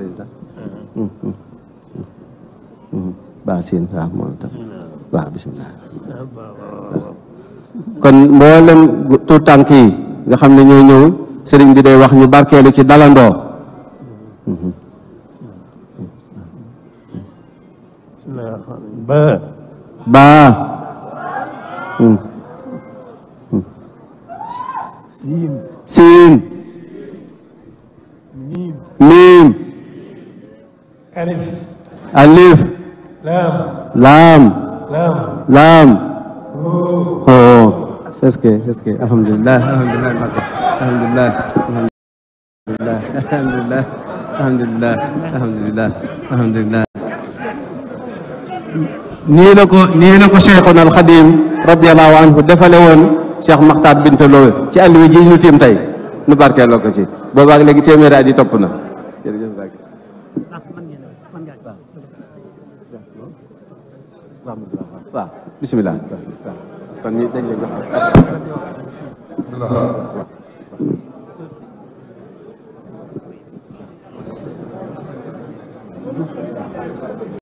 président baa siin waaw moom tam waaw bisimilah kon mboolem tuut tànk yi nga xam ne ñoo ñëw sëriñ bi day wax ñu barkeelu ci dalandoo baa siin miim ألف ألف لام لام لام لام هو اسكي اسكي الحمد لله الحمد لله الحمد لله الحمد لله الحمد لله الحمد لله الحمد لله nii la ko nii la ko Cheikhuna al Xadim radiyallahu anhu defale woon Cheikh Makhtar Binta Lo ci àll wi ji ñu tiim tey nu barkeeloo ko ci boobaag léegi téeméeri at yi topp na jërëjëf waaw waaw bisimilah. kon ñu dañ leen jox